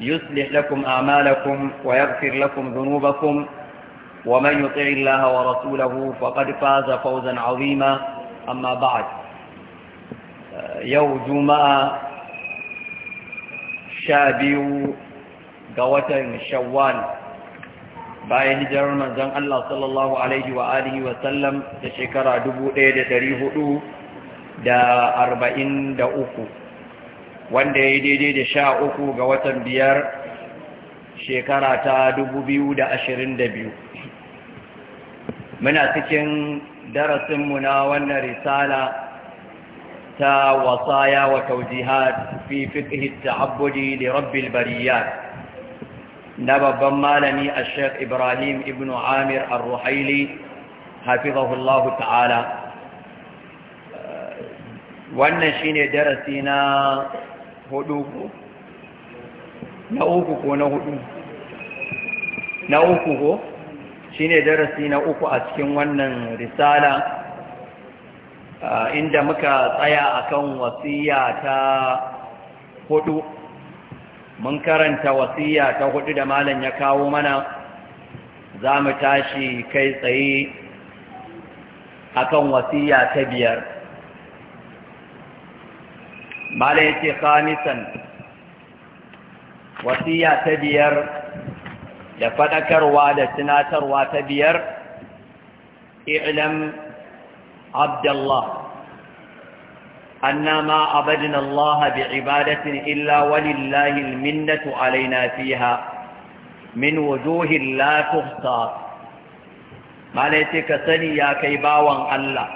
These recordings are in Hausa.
يصلح لكم أعمالكم ويغفر لكم ذنوبكم ومن يطع الله ورسوله فقد فاز فوزا عظيما أما بعد يوم جمعة شابيو قوة شوال باي هجر رمضان الله صلى الله عليه وآله وسلم تشكر دبو ايدة تريه دا أربعين دا أفو wanda ya yi daidai da sha uku ga watan biyar shekara ta dubu biyu da ashirin da biyu muna cikin darasinmu na wannan risala ta wasaya wa taujihad fi fiqhi ta'abbudi li rabbil na babban malami a sheikh ibrahim ibn amir al-ruhaili hafizahullahu ta'ala wannan shine darasi na hudu ko na uku ko na hudu na uku ko shine darasi na uku a cikin wannan risala inda muka tsaya akan wasiya ta hudu mun karanta wasiya ta hudu da malam ya kawo mana za mu tashi kai tsaye akan wasiya ta biyar mala ya ce khamisan wasiya ta biyar da faɗakarwa da tunatarwa ta biyar i'lam Abdullah. annama abadin Allah bi ibadatin illa walillahi minnatu alaina fiha min wujuhin la tuhsa ce ka sani ya kai bawan Allah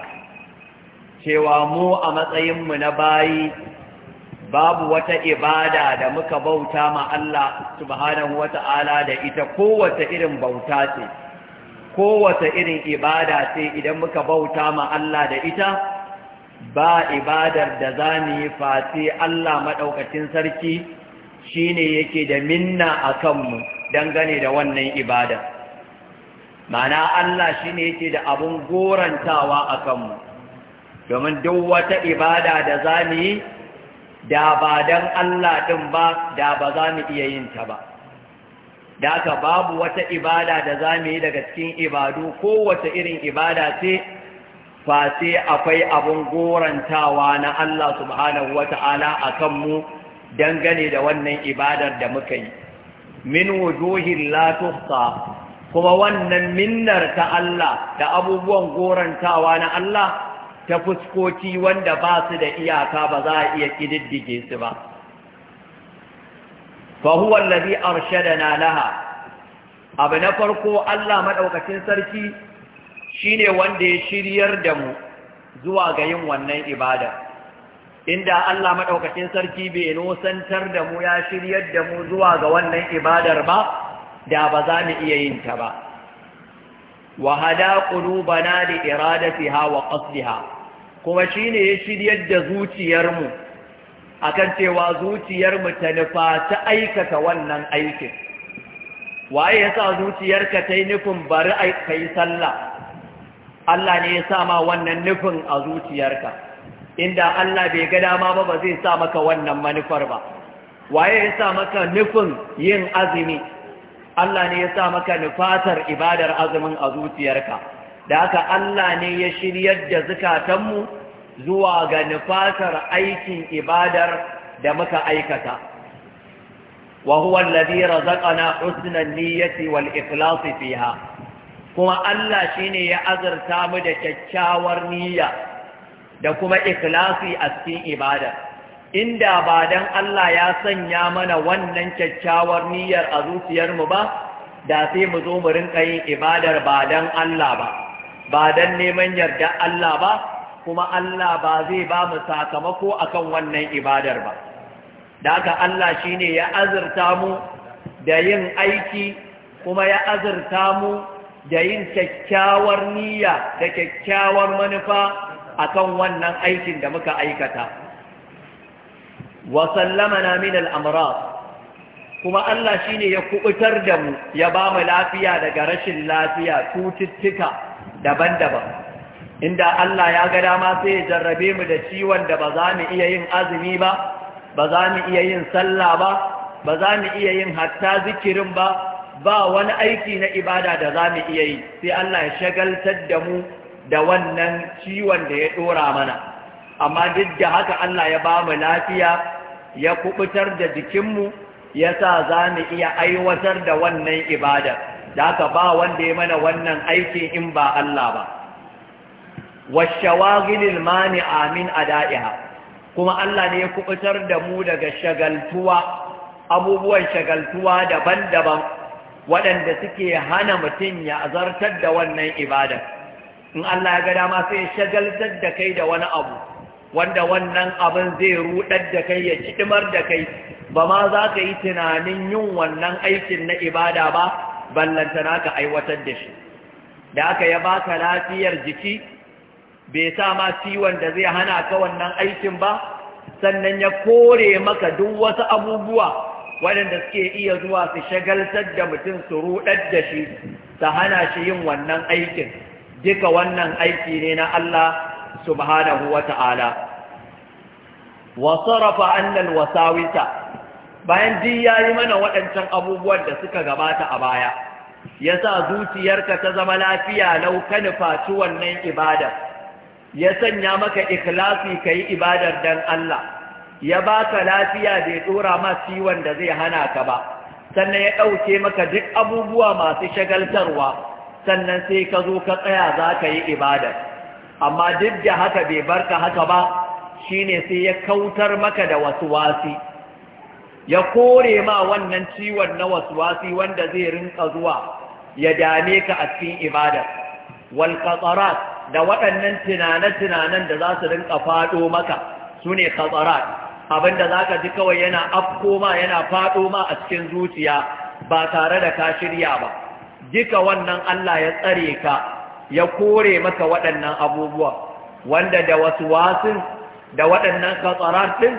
cewa mu a matsayinmu na bayi babu wata ibada da muka bauta ma Allah subhanahu wata'ala da ita kowace irin bauta ce kowace irin ibada ce idan muka bauta ma Allah da ita ba ibadar da zamu yi face Allah madaukakin sarki shine yake da minna akan mu dangane da wannan ibada Mana Allah shine yake da abun gorantawa akan mu domin duk wata ibada da zamu yi da ba don Allah ɗin ba da ba za mu iya yin ta ba da aka babu wata ibada da za mu yi daga cikin ibadu kowace irin ibada ce fa sai akwai abin gorantawa na Allah subhanahu wata'ala a mu dangane da wannan ibadar da muka yi min wujuhin latuhsa kuma wannan minnar ta Allah da abubuwan gorantawa na Allah ta fuskoki wanda ba su da iyaka ba za a iya ƙididdige su ba fahuwar lafi arshada na laha abu na farko Allah maɗaukacin sarki shi ne wanda ya shiryar da mu zuwa ga yin wannan ibada inda Allah maɗaukacin sarki bai nosantar da mu ya shiryar da mu zuwa ga wannan ibadar ba da ba za mu iya yin ta ba wa hada qulubana li iradatiha wa qasdiha kuma shi ne ya shiryar da zuciyarmu akan cewa zuciyarmu ta nufa ta aikata wannan aikin waye yasa zuciyarka ta yi nufin bari kai sallah Allah ne ya sa ma wannan nufin a zuciyarka inda Allah bai ga dama ba ba zai sa maka wannan manufar ba waye ya sa maka nufin yin azumi Allah ne ya sa maka nufatar ibadar azumin a zuciyarka da haka Allah ne ya shiryar da zukatanmu zuwa ga nufatar aikin ibadar da muka aikata wa huwa allazi razaqana husnan niyyati wal ikhlas fiha kuma Allah shine ya azurta mu da kyakkyawar niyya da kuma ikhlasi a cikin ibadar inda ba dan Allah ya sanya mana wannan kyakkyawar niyyar a zuciyarmu ba da sai mu zo mu rinka yin ibadar ba dan Allah ba ba dan neman yarda Allah ba kuma Allah ba zai ba mu sakamako akan wannan ibadar ba da haka Allah shine ya azurta mu da yin aiki kuma ya azurta mu da yin kyakkyawar niyya da kyakkyawar manufa akan wannan aikin da muka aikata wa sallamana min al kuma Allah shine ya kuɓutar da mu ya ba mu lafiya daga rashin lafiya cututtuka daban-daban inda Allah ya ga dama sai ya jarrabe mu da ciwon da ba za mu iya yin azumi ba ba za mu iya yin sallah ba ba za mu iya yin hatta zikirin ba ba wani aiki na ibada da za mu iya yi sai Allah ya shagaltar da mu da wannan ciwon da ya ɗora mana amma duk da haka Allah ya ba mu lafiya ya kubutar da jikinmu ya sa za mu iya aiwatar da wannan ibada da haka ba wanda ya mana wannan aiki in ba Allah ba washawagilil mani amin ada'iha kuma Allah ne ya kubutar da mu daga shagaltuwa abubuwan shagaltuwa daban-daban waɗanda suke hana mutum ya azartar da wannan ibada in Allah ya ga dama sai shagaltar da kai da wani abu wanda wannan abin zai rudar da kai ya kidimar da kai ba ma za ka yi tunanin yin wannan aikin na ibada ba ballanta naka aiwatar da shi da aka ya baka lafiyar jiki bai sa ma ciwon da zai hana ka wannan aikin ba sannan ya kore maka duk wasu abubuwa waɗanda suke iya zuwa su shagaltar da mutum su rudar da shi ta hana shi yin wannan aikin duka wannan aiki ne na Allah subhanahu wa ta'ala wa sarrafa annal wasawita bayan ya yayi mana waɗancan abubuwan da suka gabata a baya Ya sa zuciyarka ta zama lafiya lau nufaci wannan ibadar ya sanya maka ikhlasi yi ibadar dan Allah ya baka lafiya bai ɗora ma ciwon da zai hana ka ba sannan ya ɗauke maka duk abubuwa masu shagaltarwa sannan sai ka zo ka tsaya za ka yi ibadar amma duk da haka bai bar ka haka ba shi ne sai ya kautar maka da wasu wasi, ya kore ma wannan ciwon na wasuwasi wanda zai rinka zuwa ya dame ka a cikin ibada wal da waɗannan tunane-tunanen da za su rinka fado maka su ne Abin abinda za ka ji kawai yana afko ma yana faɗo ma a cikin zuciya ba tare da ka shirya ba duka wannan Allah ya tsare ka ya kore maka waɗannan abubuwa wanda da wasu wasin da waɗannan katsarar ɗin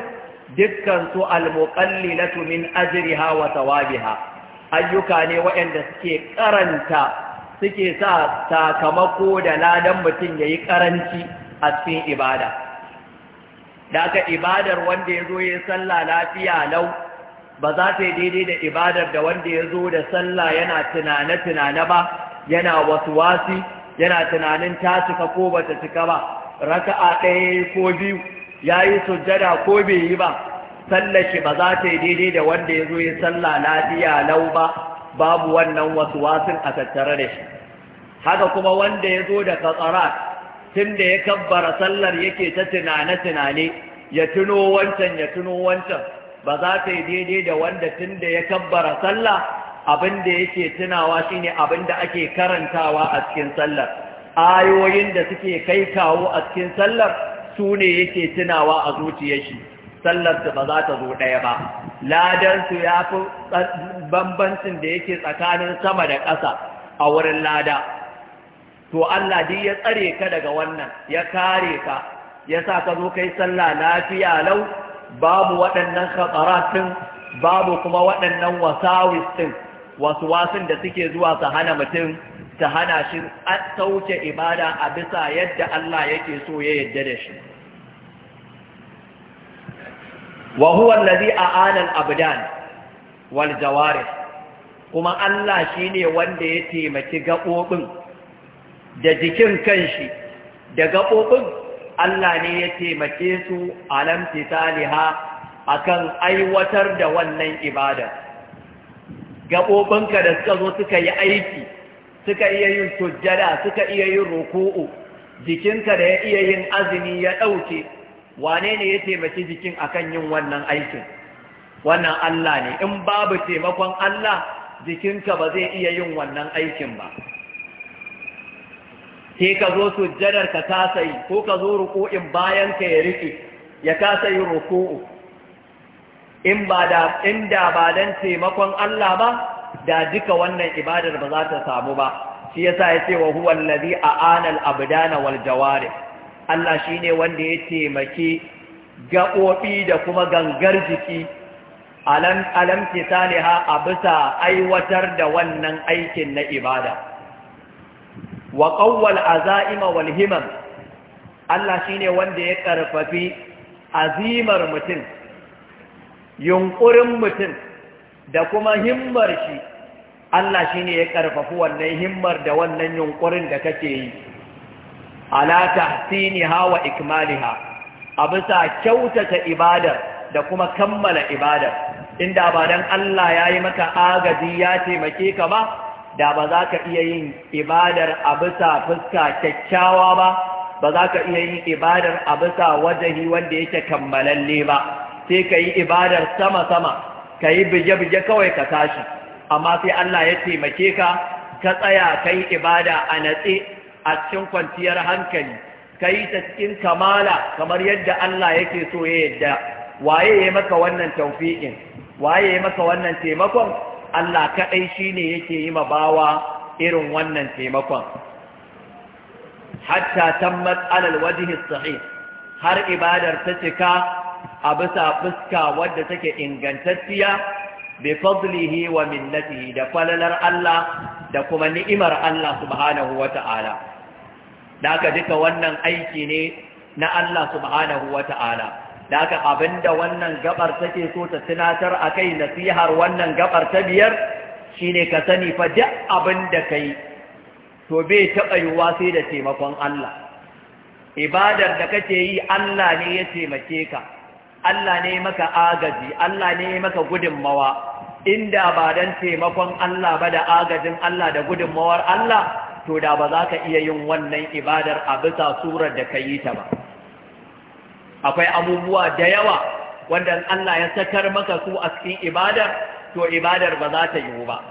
dukkan su na tumin ajriha wa ha. ayyuka ne waɗanda suke karanta suke sa sakamako da ladan mutum ya yi karanci a cikin ibada da aka ibadar wanda ya zo ya sallah lafiya lau ba za ta yi daidai da ibadar da wanda ya zo da sallah yana tunane-tunane ba yana wasu wasi yana tunanin ta cika ko ba ta cika ba raka'a ɗaya ko biyu ya yi sujjada ko bai yi ba sallar ba za ta yi daidai da wanda ya zo ya sallah lafiya lau ba babu wannan wasu wasin a tattare da shi haka kuma wanda ya zo da katsara tun da ya kabbara sallar yake ta tunane-tunane ya tuno wancan ya tuno wancan ba za ta yi daidai da wanda tun da ya kabbara sallah abin da yake tunawa shine abin da ake karantawa a cikin sallar ayoyin da suke kai kawo a cikin sallar su ne yake tunawa a zuciyar shi sallar su ba za ta zo ɗaya ba ladan ya fi bambancin da yake tsakanin sama da ƙasa a wurin lada to Allah dai ya tsare ka daga wannan ya kare ka ya sa ka zo kai sallah lafiya lau babu waɗannan khataratin babu kuma waɗannan wasawis ɗin wasu wasun da suke zuwa su hana mutum ta hana shi sauke ibada a bisa yadda Allah yake so ya yadda da shi wa nazi a anan abudan abdan wal kuma Allah shi ne wanda ya taimaki gaɓoɓin, da jikin kanshi da gaɓoɓin, Allah ne ya taimake su taliha a kan aiwatar da wannan ibadar gaɓoɓinka da suka zo suka yi aiki suka iya yin sujjada suka iya yin ruku'u jikinka da ya iya yin azumi ya ɗauke wane ne ya taimaki jikin akan yin wannan aikin wannan Allah ne in babu taimakon Allah jikinka ba zai iya yin wannan aikin ba ke ka zo sujjadar ka tasayi sayi, ko ka zo ruku'in bayan ka ya riƙe ya kasa yin ruku'u in ba da inda ba dan taimakon Allah ba da duka wannan ibadar ba za ta samu ba shi yasa ya ce wa huwa allazi a'ana al-abdana wal jawarih Allah shine wanda ya taimaki gaɓoɓi da kuma gangar jiki alam alam a bisa aiwatar da wannan aikin na ibada wa qawwal azaima wal himam Allah shine wanda ya karfafi azimar mutum yunkurin mutum da kuma himmar shi Allah shi ne ya ƙarfafi wannan himmar da wannan yunkurin da kake yi ala tahsiniha wa ikmaliha a bisa kyautata ibadar da kuma kammala ibadar inda ba dan Allah ya yi maka agaji ya taimake ka ba da ba za ka iya yin ibadar a bisa fuska kyakkyawa ba ba za ka iya yin ibadar a bisa wajahi wanda yake kammalalle ba sai ka yi ibadar sama-sama ka yi bije-bije kawai ka tashi amma sai Allah ya taimake ka ka tsaya ka yi ibada a natse a cikin kwanciyar hankali ka yi ta cikin kamala kamar yadda Allah yake so ya yadda waye ya maka wannan taufiƙin waye ya maka wannan taimakon Allah kaɗai shi ne yake yi ma bawa irin wannan taimakon hatta tammat alal wajhi sahih har ibadar ta cika a bisa fuska wadda take ingantacciya bi fadlihi wa minnatihi da falalar Allah da kuma ni'imar Allah subhanahu wata'ala da aka duka wannan aiki ne na Allah subhanahu wata'ala da aka abinda wannan gabar take so ta tunatar a kai nasihar wannan gabar ta biyar shine ka sani fa da abinda kai to bai taɓa yiwuwa sai da taimakon Allah ibadar da kake yi Allah ne ya taimake ka Allah ne maka agaji Allah ne maka gudunmawa inda ba dan taimakon Allah ba da agajin Allah da gudunmawar Allah to da ba za ka iya yin wannan ibadar a bisa surar da ka yi ta ba akwai abubuwa da yawa wanda Allah ya sakar maka su a cikin ibadar to ibadar ba za ta yiwu ba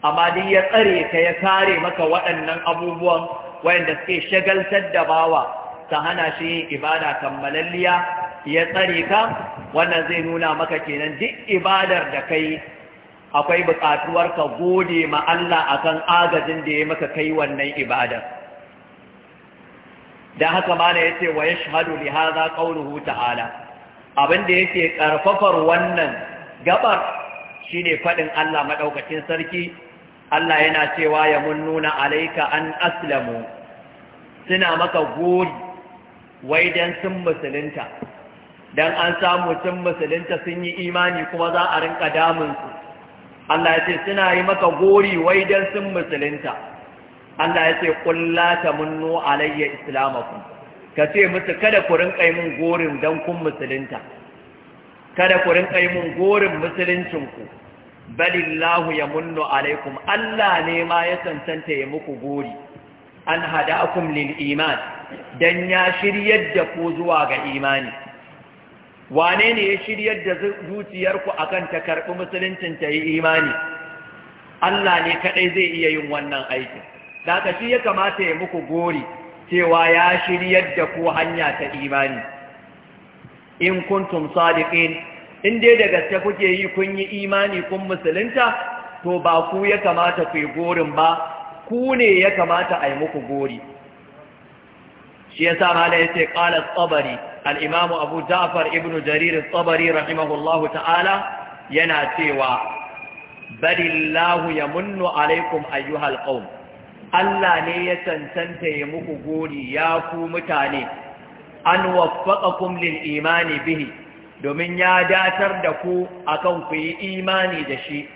amma duk ya tsare ka ya kare maka waɗannan abubuwan wayanda suke shagaltar da bawa ta hana shi yin ibada kammalalliya ya tsare ka wannan zai nuna maka kenan duk ibadar da kai akwai buƙatuwar ka gode ma Allah akan agajin da ya maka kai wannan ibadar da haka mana yace wa yashhadu li hadha qawluhu ta'ala Abinda yake karfafar wannan gabar shine fadin Allah madaukakin sarki Allah yana cewa ya nuna alaika an aslamu suna maka gode. wai sun musulunta dan an samu mutum musulunta sun yi imani kuma za a rinka damunsu Allah ya ce suna yi maka gori wai dan sun musulunta Allah ya ce kulla munno alayya islamakum ka ce musu kada ku rinka yi mun gorin dan kun musulunta kada ku rinka yi mun gorin musuluncinku balillahu yamunnu alaikum Allah ne ma ya tantance ya muku gori an akum lil iman dan ya shiryar da ku zuwa ga imani wane ne ya shiryar da zuciyarku akan ta karɓi musuluncin ta yi imani Allah ne kaɗai zai iya yin wannan aikin da shi ya kamata ya muku gori cewa ya shiryar da ku hanya ta imani in kuntum sadiqin in dai da gaske kuke yi kun yi imani kun musulunta to ba ku ya kamata ku yi gorin ba ku ne ya kamata a yi muku gori shi ya yasa mala yace qala ƙabari al'imamu abu ja'far ibn jarir tsabari rahimahullahu ta'ala yana cewa barillahu ya munnu alaikum ayyuhal qaum Allah ne ya cancanta ya muku gori ya ku mutane an waffaqakum lil imani bihi domin ya datar da ku akan ku yi imani da shi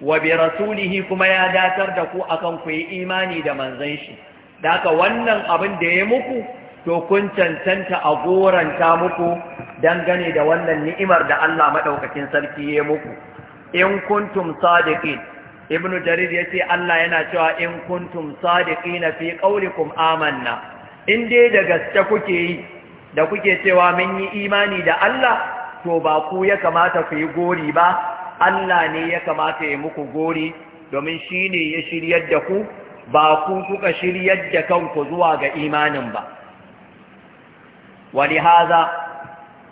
wa bi rasulihi kuma ya datar da ku akan ku yi imani da manzon shi da wannan abin da ya muku to kun cancanta a goranta muku dangane da wannan ni'imar da Allah maɗaukakin sarki ya muku in kuntum sadiqin ibnu jarir yace Allah yana cewa in kuntum na fi qaulikum amanna in dai da gaske kuke yi da kuke cewa mun yi imani da Allah to ba ku ya kamata ku yi gori ba Allah ne ya kamata ya muku gori domin shine ya shiryar da ku ba ku kuka shiryar da kanku zuwa ga imanin ba wani haza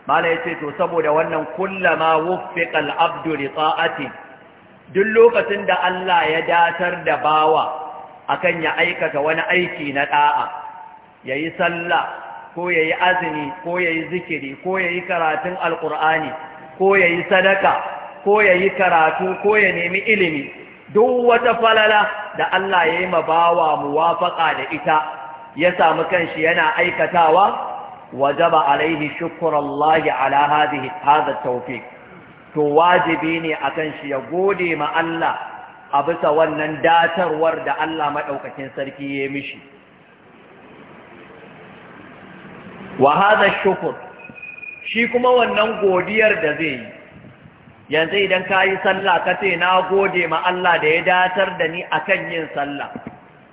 mala ya ce to saboda wannan kullama wuffiƙal abdu li ta'ati duk lokacin da Allah ya datar da bawa akan ya aikata wani aiki na da'a yayi sallah ko yayi azumi ko yayi zikiri ko yayi karatun alqur'ani ko yayi sadaka ko yayi karatu ko ya nemi ilimi duk wata falala da Allah yayi yi ma bawa muwafaqa da ita ya samu kanshi yana aikatawa وجب عليه شكر الله على هذه هذا التوفيق to wajibi ne akan shi ya gode ma Allah a bisa wannan datarwar da Allah madaukakin sarki ya mishi wa hadha shukr shi kuma wannan godiyar da zai yi yanzu idan kayi sallah ka ce na gode ma Allah da ya datar da ni akan yin sallah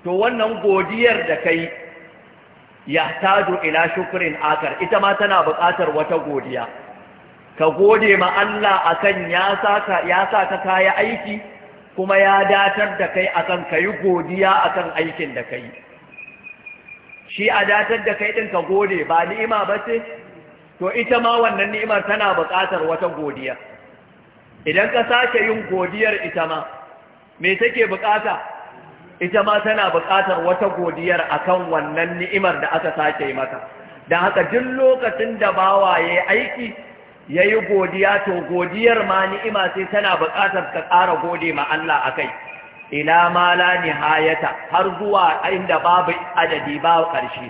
to wannan godiyar da kai tajo ila shukrin akar ita ma tana buƙatar wata godiya ka gode ma Allah akan ya saka ya saka aiki kuma ya datar da kai akan kai godiya akan aikin da kai shi a datar da kai din ka gode ba ni'ima ba ce? to ita ma wannan ni'imar tana buƙatar wata godiya idan ka sake yin godiyar ita ma me take buƙata ita ma tana buƙatar wata godiyar akan wannan ni'imar da aka sake mata don haka duk lokacin da bawa ya aiki ya yi godiya to godiyar ma ni'ima sai tana buƙatar ka ƙara gode ma Allah a kai ina ma la nihayata har zuwa inda babu adadi ba ƙarshe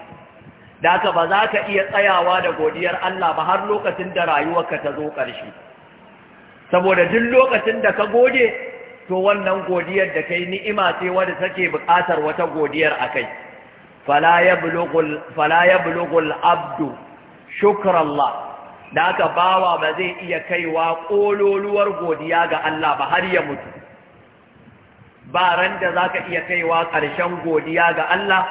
da haka ba za ka iya tsayawa da godiyar Allah ba har lokacin da rayuwarka ta zo ƙarshe saboda duk lokacin da ka gode to wannan godiyar da kai ni'ima ce wadda take buƙatar wata godiyar a kai fala ya bulugul abdu shukrallah da aka bawa ba zai iya kaiwa ƙololuwar godiya ga Allah ba har ya mutu ba ran da za ka iya kaiwa ƙarshen godiya ga Allah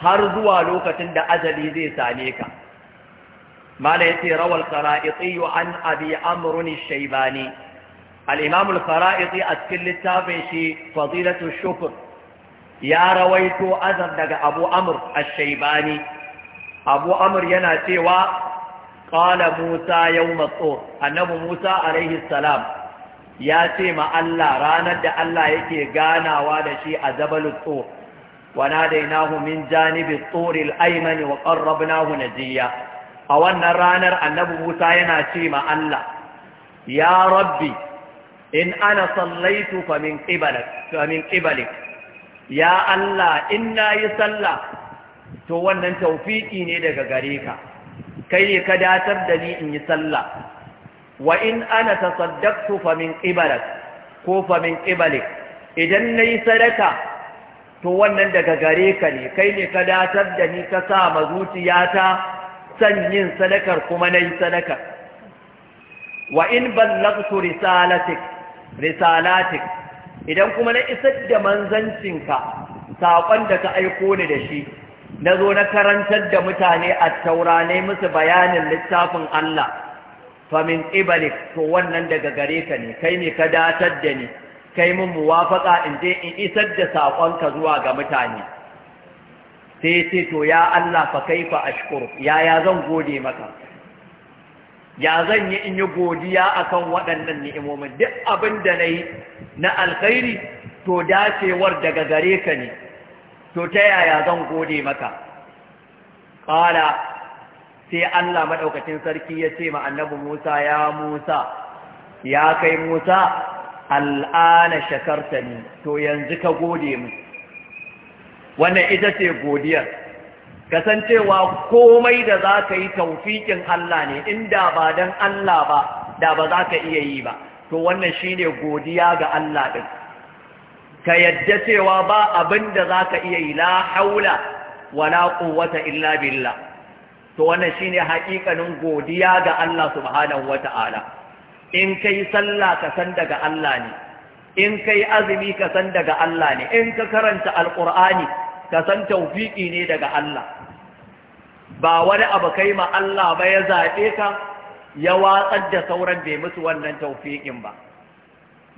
har zuwa lokacin da azali zai same ka Malam ya ce rawar sara'itsi an abi amurin shaibani al-imam al-fara'izi a cikin littafin shi fadilatu shukr ya rawaito azan daga abu a ash-shaybani yana cewa qala musa yau at-tur annabi musa alaihi salam ya ce ma Allah ranar da Allah yake ganawa da shi a jabalut tur wa nadainahu min janibi at-tur al-ayman wa qarrabnahu najiya a wannan ranar annabi musa yana ce ma Allah ya rabbi in ana sallaitu fa ƙibalik, ya Allah in nayi sallah to wannan tawfiki ne daga gare ka kai ka datar da ni in yi sallah wa in ana ta fa min ƙibalik, ko fa min idan nayi sadaka to wannan daga gare ka ne kai ne ka datar da ni ka sa ma zuciyata san yin sadakar kuma nayi sadakar wa in ballagtu risalatik risalatik idan kuma na isar da manzancinka saƙon da ka aiko ni da shi na zo na karantar da mutane a taurane musu bayanin littafin Allah famin ibalik to wannan daga gare ka ne kai ne ka datar da ni kai mun muwafaka in je in isar da saƙonka zuwa ga mutane sai ce to ya Allah fa kaifa ashkur yaya zan gode maka ya zan yi in yi godiya a kan waɗannan ni'imomin duk abin da na yi na alkhairi to dacewar daga gare ka ne to ta yaya zan gode maka ƙala sai Allah maɗaukacin sarki ya ce ma annabi Musa ya Musa ya kai Musa al'ana shakarta ne to yanzu ka gode mu wannan ita ce godiyar kasancewa komai da za ka yi taufikin Allah ne inda ba don Allah ba da ba za ka iya yi ba to wannan shine godiya ga Allah ɗin ka yadda cewa ba abin da za ka iya yi la haula wala quwwata illa billah to wannan shine haƙiƙanin godiya ga Allah subhanahu wata'ala in kai sallah ka san daga Allah ne in kai azumi ka san daga Allah ne in ka karanta alqur'ani ka san ne daga Allah ba wani abu kai ma Allah ba ya zaɓe ka ya watsar da sauran bai musu wannan taufiƙin ba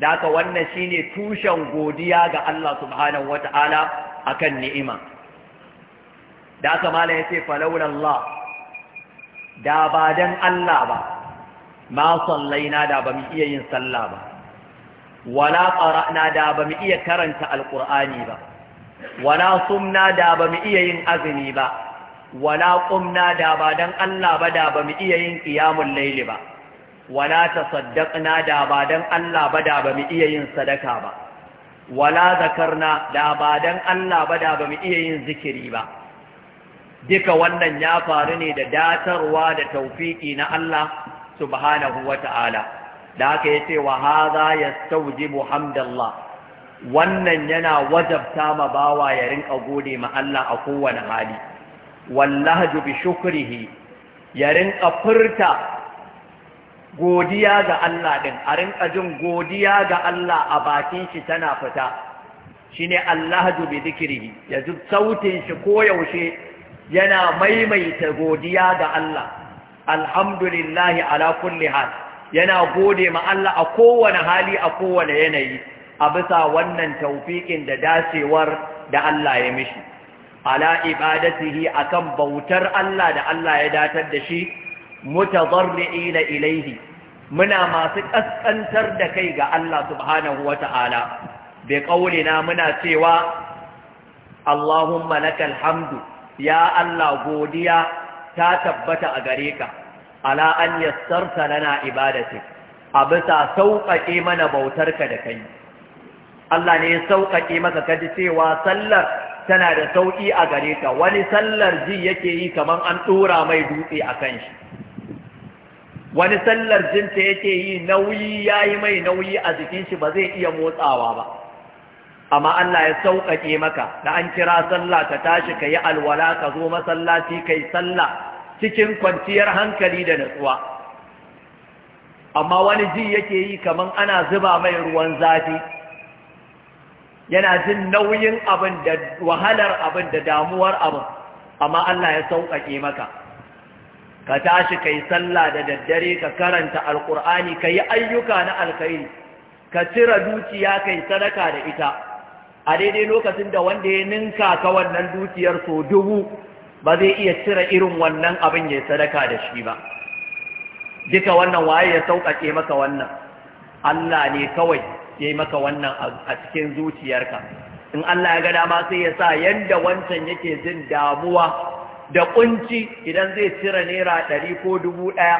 da haka wannan shine tushen godiya ga Allah subhanahu wata'ala akan ni'ima da ya ce, yace falawla Allah da ba don Allah ba ma sallaina da ba mu iya yin sallah ba wala qara'na da ba mu iya karanta Alƙur'ani ba wala sumna da ba mu iya yin azumi ba wala ƙumna da ba don Allah ba da ba mu iya yin qiyamul laili ba wala tasaddaqna da ba don Allah ba da ba mu iya yin sadaka ba wala zakarna da ba don Allah ba da ba mu iya yin zikiri ba duka wannan ya faru ne da datarwa da taufiƙi na Allah subhanahu ta'ala da haka yace wa hadha yastawjibu hamdallah wannan yana wajabta ma bawa ya rinƙa gode ma Allah a kowane hali wallahaju bi shukrihi ya rinka furta godiya ga Allah din a rinka jin godiya ga Allah a bakin shi tana fita shine allahaju bi zikrihi ya sautin shi koyaushe yana maimaita godiya ga Allah alhamdulillahi ala kulli hal yana gode ma Allah a kowane hali a kowane yanayi a bisa wannan taufiƙin da dacewar da Allah ya mishi ala ibadatihi akan bautar Allah da Allah ya datar da shi ila ilaihi muna masu kaskantar da kai ga Allah subhanahu wata'ala bi qaulina muna cewa Allahumma lakal hamdu ya Allah godiya ta tabbata a gare ka ala an yassarta lana ibadatik a bisa sauƙaƙe mana bautarka da kai Allah ne ya sauƙaƙe maka kaji cewa sallar tana da sauƙi a gare ta. wani sallar ji yake yi kamar an ɗora mai dutse a kan shi wani sallar jinta yake yi nauyi ya yi mai nauyi a jikin shi ba zai iya motsawa ba amma Allah ya sauƙaƙe maka da an kira sallah ka tashi ka yi alwala ka zo masallaci ka yi sallah cikin kwanciyar hankali da natsuwa amma wani ji yake yi kamar ana zuba mai ruwan zafi yana jin nauyin abin da wahalar abin da damuwar abin amma Allah ya sauƙaƙe maka ka tashi kai sallah da daddare ka karanta alkur'ani ka yi ayyuka na alkhairi ka cire dukiya kai sadaka da ita a daidai lokacin da wanda ya ninka ka wannan dukiyar so dubu ba zai iya cire irin wannan abin ya sadaka da shi ba duka wannan waye ya sauƙaƙe maka wannan Allah ne kawai yayi maka wannan a cikin zuciyarka in Allah ya ga dama sai ya sa yadda wancan yake jin damuwa da kunci idan zai cire naira ɗari ko dubu ɗaya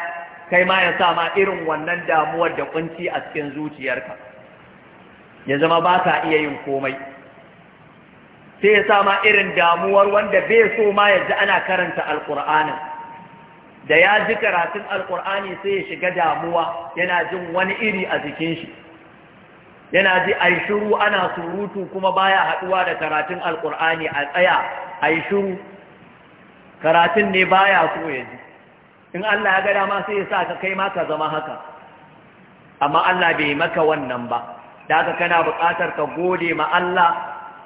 kai ma ya sa ma irin wannan damuwar da kunci a cikin zuciyarka ya zama ba ka iya yin komai sai ya sa ma irin damuwar wanda bai so ma ya ji ana karanta alƙur'anin da ya ji karatun alƙur'ani sai ya shiga damuwa yana jin wani iri a jikin shi yana ji ai shiru ana surutu kuma baya haduwa da karatun alkur'ani a tsaya ai shiru karatun ne baya so ya ji in Allah ya ga dama sai ya sa ka kai ma ka zama haka amma Allah bai maka wannan ba daga kana buƙatar ka gode ma Allah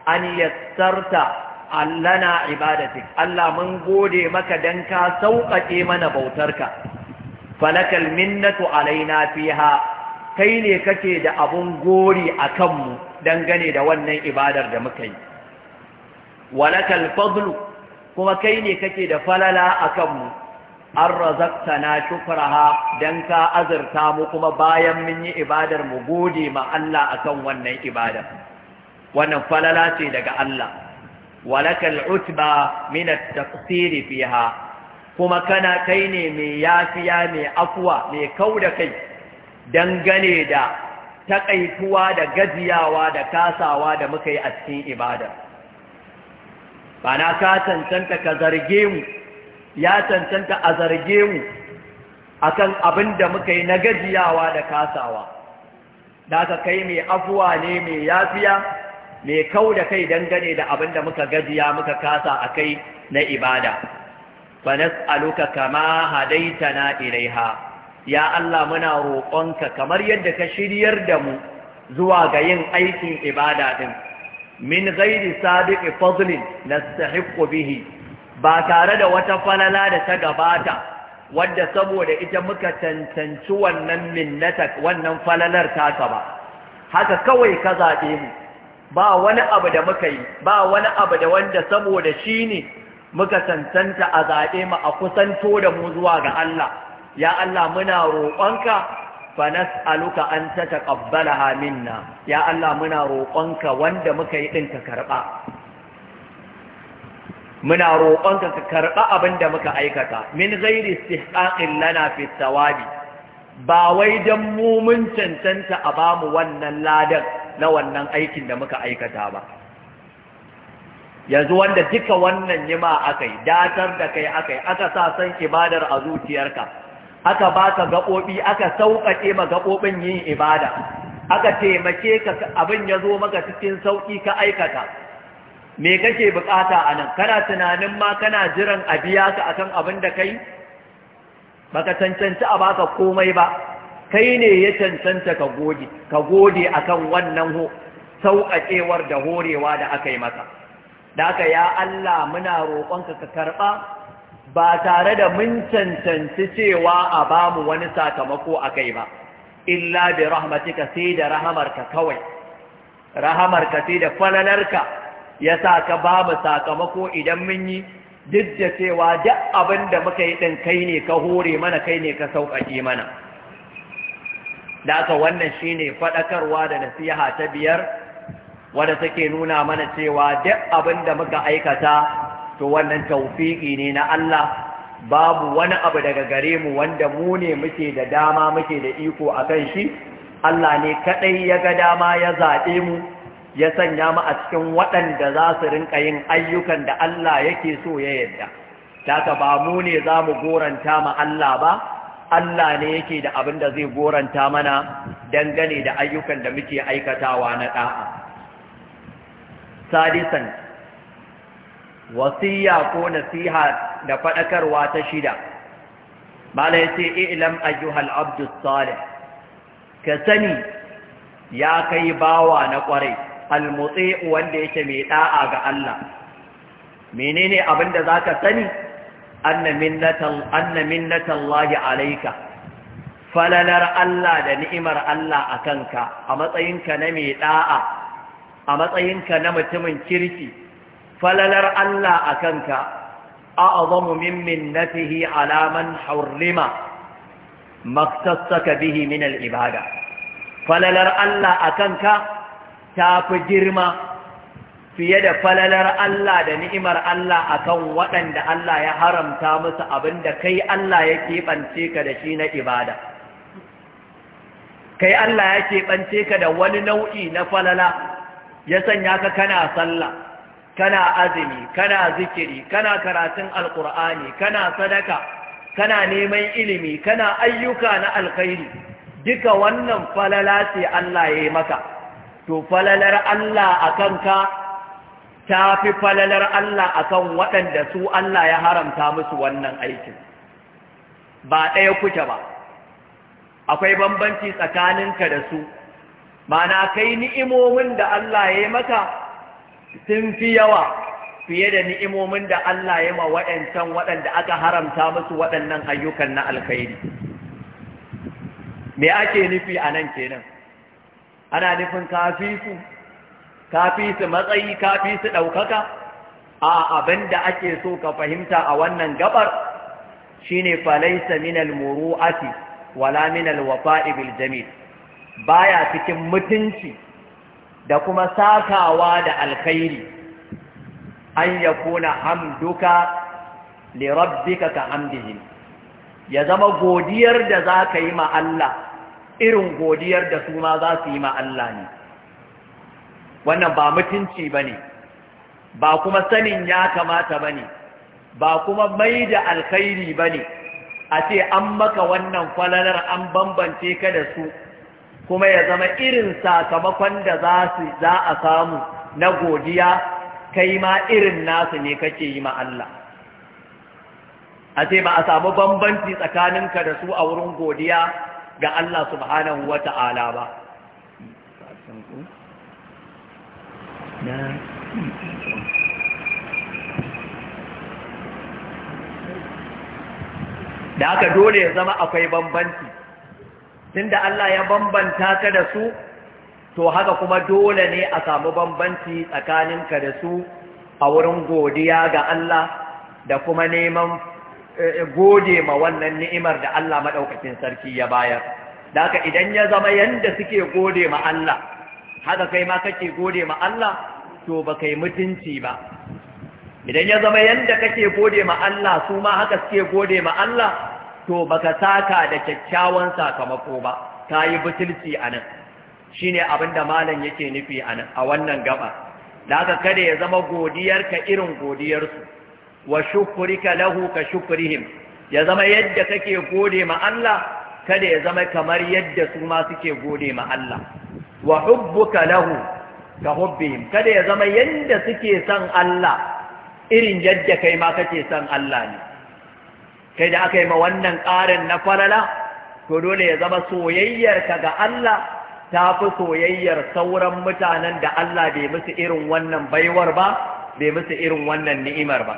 an yassarta allana ibadatik Allah mun gode maka dan ka sauƙaƙe mana bautarka falakal minnatu alaina fiha kai ne kake da abun gori a kanmu dangane da wannan ibadar da muka yi walakal fadlu kuma kai ne kake da falala a kanmu an razakta na shukraha don ka azurta mu kuma bayan mun yi ibadar mu gode ma Allah a kan wannan ibadar wannan falala ce daga Allah walakal utba min at fi fiha kuma kana kai ne mai yafiya mai afwa mai kau da kai dangane da taƙaituwa da gajiyawa da kasawa da muka yi a cikin ibada ba na ka cancanta ka zarge mu ya cancanta a zarge mu a kan abin da muka yi na gajiyawa da kasawa da ka kai mai afuwa ne mai yafiya mai kau da kai dangane da abin da muka gajiya muka kasa a kai na ibada na nas'aluka kama hadaitana ilaiha ya Allah muna roƙonka kamar yadda ka shiryar da mu zuwa ga yin aikin ibada din min ghairi sadiqi fadlin nastahiqu bihi ba tare da wata falala da ta gabata wadda saboda ita muka tantanci wannan minnata wannan falalar taka ba haka kawai ka zabe mu ba wani abu da muka yi ba wani abu da wanda saboda shi ne muka tantanta a zabe mu a kusanto da mu zuwa ga Allah ya Allah muna roƙonka fa nas'aluka an tataqabbalaha minna ya Allah muna roƙonka wanda muka yi din ka karba muna roƙonka ka karba abinda muka aikata min ghairi istihqaqin lana fi tawabi ba wai dan mu mun cancanta a bamu wannan ladan na wannan aikin da muka aikata ba yanzu wanda duka wannan yima akai datar da kai akai aka sa san ibadar a zuciyarka aka ka gaɓoɓi aka sauƙaƙe ma gaɓoɓin yin ibada aka taimake ka abin ya zo maka cikin sauƙi ka aikata me kake bukata a nan kana tunanin ma kana jiran a biya ka akan abin da kai ka cancanci a baka komai ba kai ne ya cancanta ka gode ka gode a kan wannan sauƙaƙewar da horewa da aka yi maka da aka ya Allah muna roƙonka ka karɓa ba tare da mun cancanci cewa a bamu wani sakamako a kai ba illa bi rahmatika sai da rahamarka kawai rahamarka sai da falalarka ya sa ka bamu sakamako idan mun yi duk da cewa duk abin da muka yi ɗin kai ne ka hore mana kai ne ka sauƙaƙe mana Daka wannan shi ne faɗakarwa da nasiha ta biyar wadda take nuna mana cewa duk abin da muka aikata to wannan tawfiki ne na Allah babu wani abu daga gare mu wanda mu ne muke da dama muke da iko akan shi Allah ne kadai ya ga dama ya zaɓe mu ya sanya mu a cikin waɗanda za su rinka yin ayyukan da Allah yake so ya yarda taka ba mu ne za mu goranta ma Allah ba Allah ne yake da abin da zai goranta mana dangane da ayyukan da muke aikatawa na ɗa'a sadisan wasiya ko nasiha da faɗakarwa ta shida mala ya ce ilam ayyuhal abdus salih ka sani ya kai bawa na ƙwarai almutse wanda yake mai ɗa'a ga Allah menene abin da za ka sani anna minnatan lahi alaika falalar Allah da ni'imar Allah a kanka a matsayinka na mai ɗa'a a matsayinka na mutumin kirki falalar Allah a kanka a'zamu min minnatihi ala hurrima maktasaka bihi min ibada falalar Allah a kanka ta fi girma fiye da falalar Allah da ni'imar Allah akan waɗanda Allah ya haramta musu abin da kai Allah ya keɓance ka da shi na ibada kai Allah ya keɓance ka da wani nau'i na falala ya sanya ka kana sallah kana azumi kana zikiri kana karatun alkur'ani kana sadaka kana neman ilimi kana ayyuka na alkhairi duka wannan falala ce Allah ya yi maka to falalar Allah a kanka ta fi falalar Allah akan kan waɗanda su Allah ya haramta musu wannan aikin ba ɗaya kuke ba akwai bambanci tsakaninka da su na kai ni'imomin da Allah ya yi maka sun fi yawa fiye da ni'imomin da Allah ya ma waɗancan waɗanda aka haramta musu waɗannan ayyukan na alkhairi me ake nufi a nan kenan ana nufin kafi su kafi su matsayi kafi su ɗaukaka a abin da ake so ka fahimta a wannan gabar shine falaisa minal muru'ati wala minal wafa'i bil Ba baya cikin mutunci da kuma sakawa da alkhairi an yakuna hamduka li rabbika ka hamdihim ya zama godiyar da za ka yi ma Allah irin godiyar da su ma za su yi ma Allah ne wannan ba mutunci ba ne ba kuma sanin ya kamata ba ne ba kuma mai da alkhairi ba ne a ce an maka wannan falalar an bambance ka da su kuma ya zama irin sakamakon da za a samu na godiya kai ma irin nasu ne kake yi ma Allah a ce ba a samu bambanci tsakaninka da su a wurin godiya ga Allah subhanahu wa ta'ala ba da haka dole ya zama akwai bambanci tunda Allah ya bambanta ka da su to haka kuma dole ne a samu bambanci tsakaninka da su a wurin godiya ga Allah da kuma neman eh, gode ma wannan ni'imar da Allah maɗaukacin sarki ya bayar da haka idan ya zama yanda suke gode ma Allah haka kai ma kake gode ma Allah to ba kai mutunci ba idan ya zama yanda kake gode ma Allah su ma haka suke gode ma Allah to baka saka da kyakkyawan sakamako ba Ta yi butulci a nan shi ne abinda malam yake nufi anan, a wannan gaba da aka kada ya zama godiyar ka irin godiyarsu wa shukurika lahu ka shukurihim ya zama yadda kake gode ma Allah kada ya zama kamar yadda su ma suke gode ma Allah wa hubbuka lahu ka hubbihim kada ya zama yadda suke son Allah irin yadda kai ma kake son Allah ne kai da aka yi ma wannan ƙarin na falala to dole ya zama soyayyarka ga Allah ta fi soyayyar sauran mutanen da Allah bai musu irin wannan baiwar ba bai musu irin wannan ni'imar ba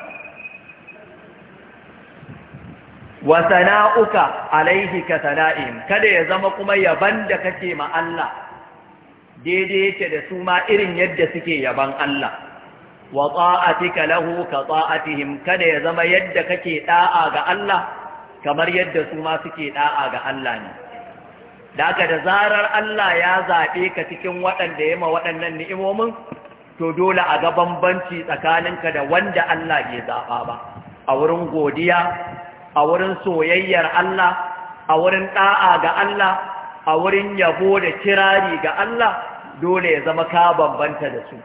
wa sana'uka alaihi ka sana'im kada ya zama kuma yaban da kake ma Allah daidai yake da su ma irin yadda suke yaban Allah wa ta'atika lahu ka ta'atihim kada ya zama yadda kake da'a ga Allah kamar yadda su ma suke da'a ga Allah ne daga da zarar Allah ya zabe ka cikin waɗanda ya ma waɗannan ni'imomin to dole a ga bambanci tsakaninka da wanda Allah bai zaba ba a wurin godiya a wurin soyayyar Allah a wurin da'a ga Allah a wurin yabo da kirari ga Allah dole ya zama ka bambanta da su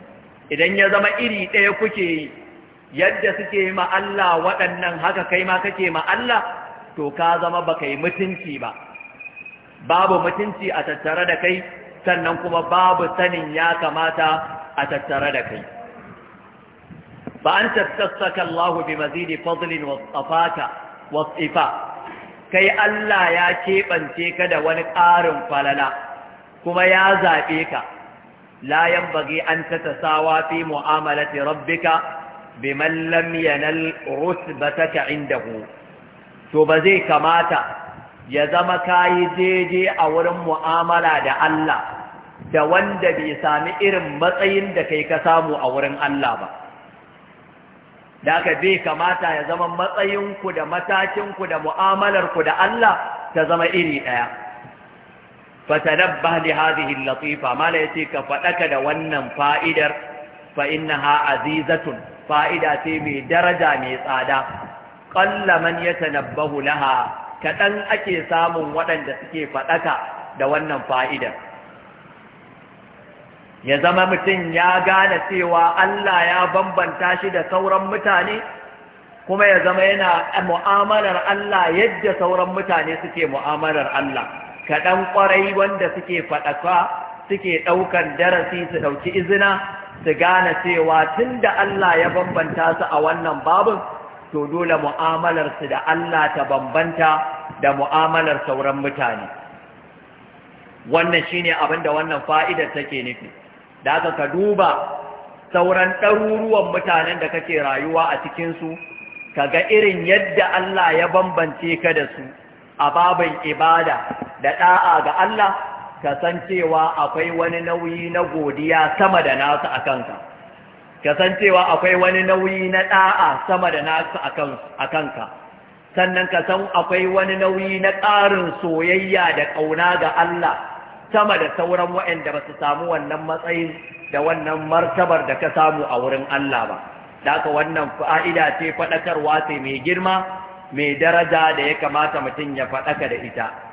idan ya zama iri ɗaya kuke yi yadda suke ma Allah waɗannan haka kai ma kake ma Allah to ka zama ba yi mutunci ba babu mutunci a tattare da kai sannan kuma babu sanin ya kamata a tattare da kai ba an tattasaka Allah bi mazidi fadlin wa tsafaka wa kai Allah ya keɓance ka da wani ƙarin falala kuma ya zaɓe ka Layan yanbaghi an tatasawa fi mu'amalati rabbika biman lam yanal rutbataka indahu to ba zai kamata ya zama kayi daidai a wurin mu'amala da Allah da wanda bai sami irin matsayin da kai ka samu a wurin Allah ba da aka bai kamata ya zama matsayinku da matakinku da mu'amalarku da Allah ta zama iri ɗaya fatanabbah li hadhihi al-latifa mala ce ka faɗaka da wannan fa'idar fa innaha azizatun fa'ida ce mai daraja mai tsada qalla ya yatanabbahu laha kaɗan ake samun waɗanda suke faɗaka da wannan fa'idar ya zama mutum ya gane cewa Allah ya bambanta shi da sauran mutane kuma ya zama yana mu'amalar Allah yadda sauran mutane suke mu'amalar Allah kaɗan ƙwarai wanda suke faɗaka suke ɗaukar darasi su ɗauki izina su gane cewa tun da Allah ya bambanta su a wannan babin to dole mu'amalarsu da Allah ta bambanta da mu'amalar sauran mutane wannan shine abin da wannan fa'idar take nufi da aka ka duba sauran ɗaruruwan mutanen da kake rayuwa a cikinsu ka ga irin yadda Allah ya bambance ka da su a babin ibada da ɗa'a ga Allah ka san cewa akwai wani nauyi na godiya sama da nasu a kanka ka san cewa akwai wani nauyi na ɗa'a sama da nasu a kanka sannan ka san akwai wani nauyi na ƙarin soyayya da ƙauna ga Allah sama da sauran waɗanda ba su samu wannan matsayin da wannan martabar da ka samu a wurin Allah ba. Daka wannan fa'ida ce faɗakarwa ce mai girma mai daraja da ya kamata mutum ya faɗaka da ita